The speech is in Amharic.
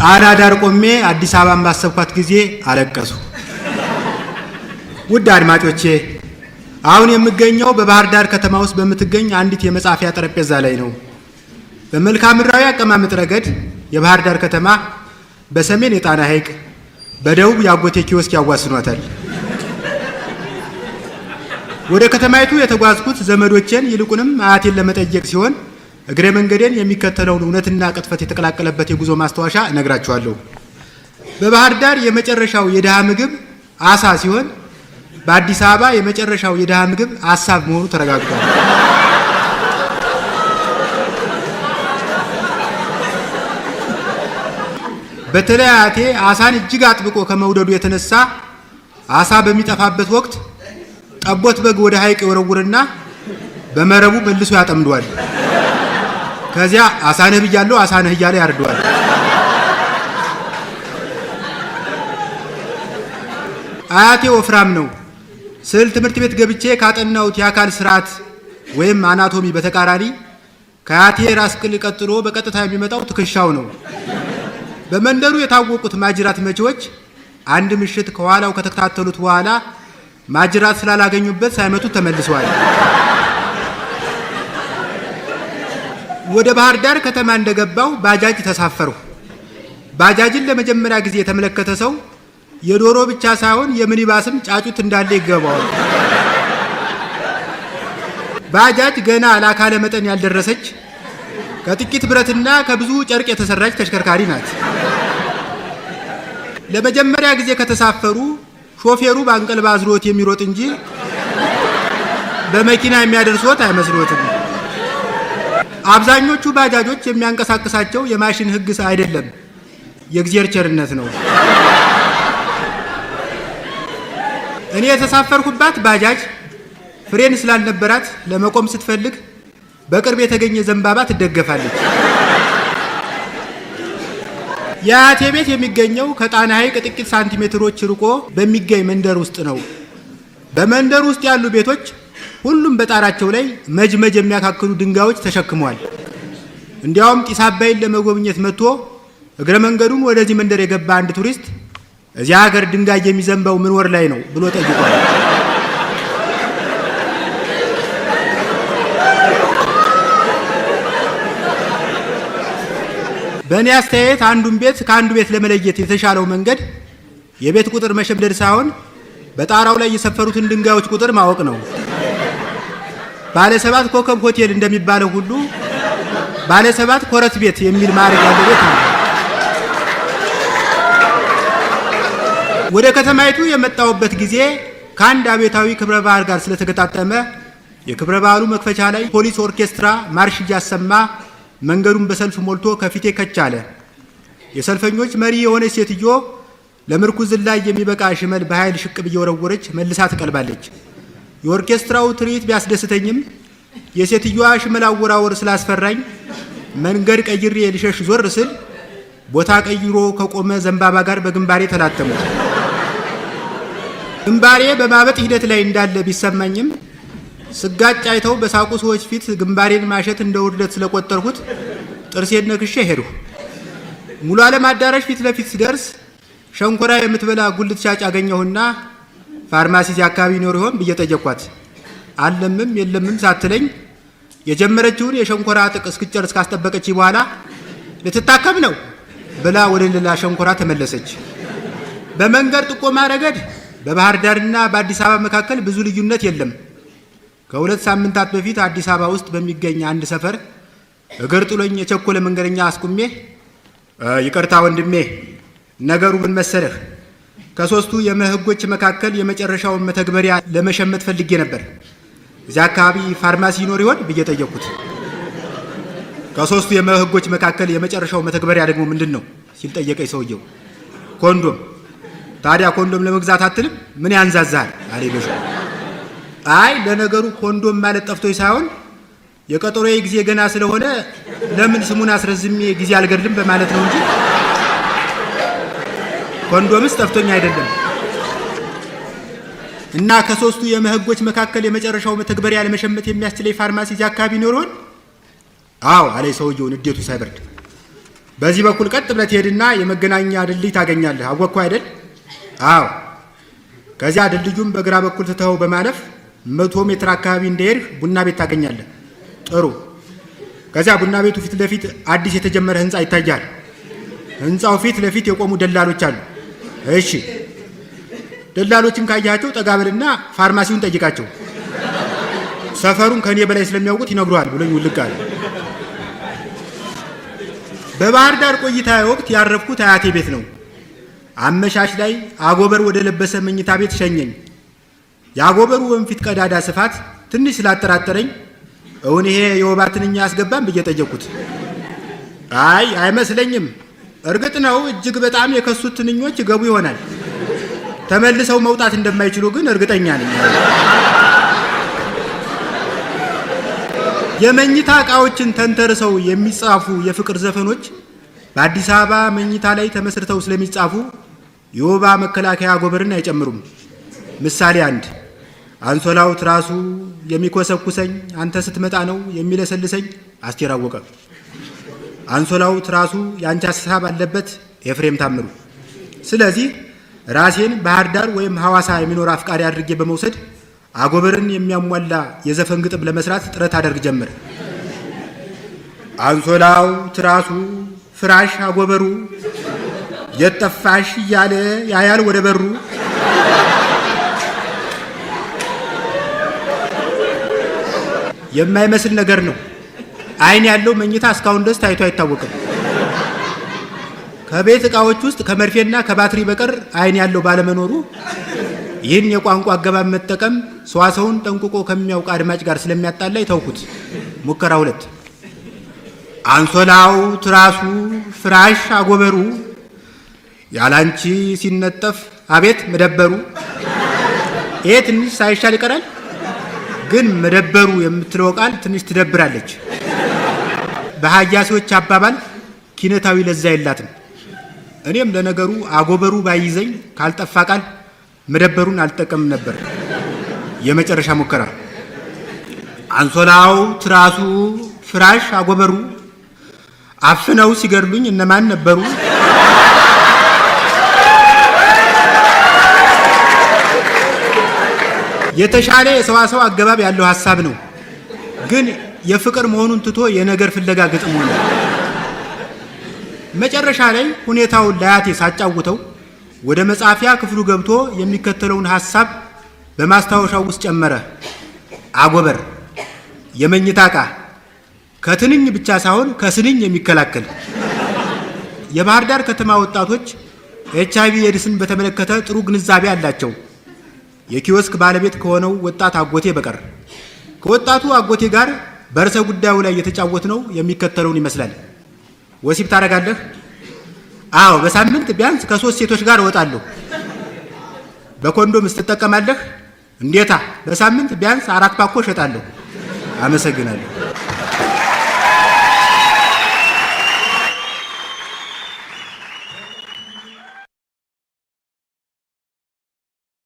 ጣና ዳር ቆሜ አዲስ አበባን ባሰብኳት ጊዜ አለቀሱ። ውድ አድማጮቼ አሁን የምገኘው በባህር ዳር ከተማ ውስጥ በምትገኝ አንዲት የመጻፊያ ጠረጴዛ ላይ ነው። በመልክዓ ምድራዊ አቀማመጥ ረገድ የባህር ዳር ከተማ በሰሜን የጣና ሐይቅ፣ በደቡብ የአጎቴ ኪዮስክ ያዋስኗታል። ወደ ከተማይቱ የተጓዝኩት ዘመዶቼን ይልቁንም አያቴን ለመጠየቅ ሲሆን እግረ መንገዴን የሚከተለውን እውነትና ቅጥፈት የተቀላቀለበት የጉዞ ማስታወሻ እነግራችኋለሁ። በባህር ዳር የመጨረሻው የድሃ ምግብ አሳ ሲሆን በአዲስ አበባ የመጨረሻው የድሃ ምግብ አሳብ መሆኑ ተረጋግጧል። በተለይ አያቴ አሳን እጅግ አጥብቆ ከመውደዱ የተነሳ አሳ በሚጠፋበት ወቅት ጠቦት በግ ወደ ሐይቅ ይወረውርና በመረቡ መልሶ ያጠምዷል። ከዚያ አሳነህ ብያለሁ አሳነህ እያለ ያርደዋል። አያቴ ወፍራም ነው ስል ትምህርት ቤት ገብቼ ካጠናሁት የአካል ስርዓት ወይም አናቶሚ በተቃራኒ ከአያቴ ራስ ቅል ቀጥሎ በቀጥታ የሚመጣው ትከሻው ነው። በመንደሩ የታወቁት ማጅራት መቼዎች አንድ ምሽት ከኋላው ከተከታተሉት በኋላ ማጅራት ስላላገኙበት ሳይመቱት ተመልሰዋል። ወደ ባህር ዳር ከተማ እንደገባው ባጃጅ ተሳፈርሁ። ባጃጅን ለመጀመሪያ ጊዜ የተመለከተ ሰው የዶሮ ብቻ ሳይሆን የሚኒባስም ጫጩት እንዳለ ይገባዋል። ባጃጅ ገና ለአካለ መጠን ያልደረሰች ከጥቂት ብረትና ከብዙ ጨርቅ የተሰራች ተሽከርካሪ ናት። ለመጀመሪያ ጊዜ ከተሳፈሩ ሾፌሩ በአንቀልባ አዝሮት የሚሮጥ እንጂ በመኪና የሚያደርሶት አይመስሎትም። አብዛኞቹ ባጃጆች የሚያንቀሳቅሳቸው የማሽን ህግ አይደለም፣ የእግዜር ቸርነት ነው። እኔ የተሳፈርኩባት ባጃጅ ፍሬን ስላልነበራት ለመቆም ስትፈልግ በቅርብ የተገኘ ዘንባባ ትደገፋለች። የአያቴ ቤት የሚገኘው ከጣና ሐይቅ ጥቂት ሳንቲሜትሮች ርቆ በሚገኝ መንደር ውስጥ ነው። በመንደር ውስጥ ያሉ ቤቶች ሁሉም በጣራቸው ላይ መጅመጅ የሚያካክሉ ድንጋዮች ተሸክመዋል። እንዲያውም ጢስ አባይን ለመጎብኘት መጥቶ እግረ መንገዱን ወደዚህ መንደር የገባ አንድ ቱሪስት እዚያ ሀገር ድንጋይ የሚዘንበው ምን ወር ላይ ነው ብሎ ጠይቋል። በእኔ አስተያየት አንዱን ቤት ከአንዱ ቤት ለመለየት የተሻለው መንገድ የቤት ቁጥር መሸምደድ ሳይሆን በጣራው ላይ የሰፈሩትን ድንጋዮች ቁጥር ማወቅ ነው። ባለ ሰባት ኮከብ ሆቴል እንደሚባለው ሁሉ ባለ ሰባት ኮረት ቤት የሚል ማዕረግ ቤት ነው። ወደ ከተማይቱ የመጣውበት ጊዜ ከአንድ አቤታዊ ክብረ በዓል ጋር ስለተገጣጠመ የክብረ በዓሉ መክፈቻ ላይ ፖሊስ ኦርኬስትራ ማርሽ እያሰማ መንገዱን በሰልፍ ሞልቶ ከፊቴ ከች አለ። የሰልፈኞች መሪ የሆነች ሴትዮ ለምርኩዝ ላይ የሚበቃ ሽመል በኃይል ሽቅብ እየወረወረች መልሳ ትቀልባለች። የኦርኬስትራው ትርኢት ቢያስደስተኝም የሴትዮዋ ሽመላ ወራወር ስላስፈራኝ መንገድ ቀይሬ ልሸሽ ዞር ስል ቦታ ቀይሮ ከቆመ ዘንባባ ጋር በግንባሬ ተላተሙ። ግንባሬ በማበጥ ሂደት ላይ እንዳለ ቢሰማኝም ስጋጭ አይተው በሳቁ ሰዎች ፊት ግንባሬን ማሸት እንደ ውርደት ስለቆጠርኩት ጥርሴን ነክሼ ሄድሁ። ሙሉ ዓለም አዳራሽ ፊት ለፊት ሲደርስ ሸንኮራ የምትበላ ጉልት ሻጭ አገኘሁና ፋርማሲ እዚህ አካባቢ ይኖር ይሆን ብዬ ጠየኳት። አለምም የለምም ሳትለኝ የጀመረችውን የሸንኮራ ጥቅ እስክጨርስ ካስጠበቀች በኋላ ልትታከም ነው ብላ ወደ ሌላ ሸንኮራ ተመለሰች። በመንገድ ጥቆማ ረገድ በባህር ዳርና በአዲስ አበባ መካከል ብዙ ልዩነት የለም። ከሁለት ሳምንታት በፊት አዲስ አበባ ውስጥ በሚገኝ አንድ ሰፈር እግር ጥሎኝ የቸኮለ መንገደኛ አስቁሜ፣ ይቅርታ ወንድሜ፣ ነገሩ ምን መሰለህ ከሶስቱ የመህጎች መካከል የመጨረሻውን መተግበሪያ ለመሸመት ፈልጌ ነበር። እዚያ አካባቢ ፋርማሲ ይኖር ይሆን ብዬ ጠየቅኩት። ከሶስቱ የመህጎች መካከል የመጨረሻው መተግበሪያ ደግሞ ምንድን ነው ሲል ጠየቀኝ ሰውየው። ኮንዶም። ታዲያ ኮንዶም ለመግዛት አትልም? ምን ያንዛዛል አለ በሹ። አይ ለነገሩ ኮንዶም ማለት ጠፍቶኝ ሳይሆን የቀጠሮዬ ጊዜ ገና ስለሆነ ለምን ስሙን አስረዝሜ ጊዜ አልገድልም በማለት ነው እንጂ ኮንዶምስ ጠፍቶኝ አይደለም እና ከሶስቱ የመህጎች መካከል የመጨረሻው መተግበሪያ ለመሸመት የሚያስችል የፋርማሲ እዚህ አካባቢ ይኖረውን? አዎ አለ ሰውየውን እዴቱ ሳይበርድ። በዚህ በኩል ቀጥ ብለህ ትሄድና የመገናኛ ድልድይ ታገኛለህ። አወቅኩ አይደል? አዎ። ከዚያ ድልድዩም በግራ በኩል ትተኸው በማለፍ መቶ ሜትር አካባቢ እንደሄድህ ቡና ቤት ታገኛለህ። ጥሩ። ከዚያ ቡና ቤቱ ፊት ለፊት አዲስ የተጀመረ ህንፃ ይታያል። ህንፃው ፊት ለፊት የቆሙ ደላሎች አሉ። እሺ ደላሎችን ካያቸው ጠጋብልና ፋርማሲውን ጠይቃቸው ሰፈሩን ከኔ በላይ ስለሚያውቁት ይነግሯል ብሎኝ ውልቅ አለ። በባህር ዳር ቆይታ ወቅት ያረፍኩት አያቴ ቤት ነው። አመሻሽ ላይ አጎበር ወደ ለበሰ መኝታ ቤት ሸኘኝ። የአጎበሩ ወንፊት ቀዳዳ ስፋት ትንሽ ስላጠራጠረኝ እውን ይሄ የወባ ትንኝ አያስገባም ብዬ ጠየቅኩት። አይ አይመስለኝም እርግጥ ነው እጅግ በጣም የከሱት ትንኞች ይገቡ ይሆናል። ተመልሰው መውጣት እንደማይችሉ ግን እርግጠኛ ነኝ። የመኝታ ዕቃዎችን ተንተርሰው የሚጻፉ የፍቅር ዘፈኖች በአዲስ አበባ መኝታ ላይ ተመስርተው ስለሚጻፉ የወባ መከላከያ ጎበርን አይጨምሩም። ምሳሌ አንድ አንሶላው ትራሱ የሚኮሰኩሰኝ አንተ ስትመጣ ነው የሚለሰልሰኝ አስቴር አወቀ። አንሶላው ትራሱ የአንቺ ሀሳብ አለበት ኤፍሬም ታምሩ። ስለዚህ ራሴን ባህር ዳር ወይም ሐዋሳ የሚኖር አፍቃሪ አድርጌ በመውሰድ አጎበርን የሚያሟላ የዘፈን ግጥም ለመስራት ጥረት አደርግ ጀመር። አንሶላው ትራሱ ፍራሽ አጎበሩ የጠፋሽ እያለ ያያል ወደ በሩ የማይመስል ነገር ነው። አይን ያለው መኝታ እስካሁን ድረስ ታይቶ አይታወቅም። ከቤት እቃዎች ውስጥ ከመርፌና ከባትሪ በቀር አይን ያለው ባለመኖሩ ይህን የቋንቋ አገባብ መጠቀም ሰዋሰውን ጠንቁቆ ከሚያውቅ አድማጭ ጋር ስለሚያጣላ ይተውኩት። ሙከራ ሁለት አንሶላው፣ ትራሱ፣ ፍራሽ አጎበሩ ያላንቺ ሲነጠፍ አቤት መደበሩ። ይሄ ትንሽ ሳይሻል ይቀራል፣ ግን መደበሩ የምትለው ቃል ትንሽ ትደብራለች። በሀያሴዎች አባባል ኪነታዊ ለዛ የላትም። እኔም ለነገሩ አጎበሩ ባይዘኝ ካልጠፋ ቃል መደበሩን አልጠቀምም ነበር። የመጨረሻ ሙከራ አንሶላው፣ ትራሱ፣ ፍራሽ አጎበሩ አፍነው ሲገድሉኝ እነማን ነበሩ? የተሻለ የሰዋሰው አገባብ ያለው ሀሳብ ነው ግን የፍቅር መሆኑን ትቶ የነገር ፍለጋ ግጥም ነው። መጨረሻ ላይ ሁኔታውን ለአያቴ ሳጫውተው ወደ መጻፊያ ክፍሉ ገብቶ የሚከተለውን ሐሳብ በማስታወሻው ውስጥ ጨመረ። አጎበር፣ የመኝታ ዕቃ ከትንኝ ብቻ ሳይሆን ከስንኝ የሚከላከል የባህር ዳር ከተማ ወጣቶች ኤች አይቪ ኤድስን በተመለከተ ጥሩ ግንዛቤ አላቸው። የኪዮስክ ባለቤት ከሆነው ወጣት አጎቴ በቀር ከወጣቱ አጎቴ ጋር በርዕሰ ጉዳዩ ላይ የተጫወት ነው የሚከተለውን ይመስላል። ወሲብ ታደርጋለህ? አዎ። በሳምንት ቢያንስ ከሶስት ሴቶች ጋር እወጣለሁ። በኮንዶም ስትጠቀማለህ? እንዴታ፣ በሳምንት ቢያንስ አራት ፓኮ እሸጣለሁ። አመሰግናለሁ።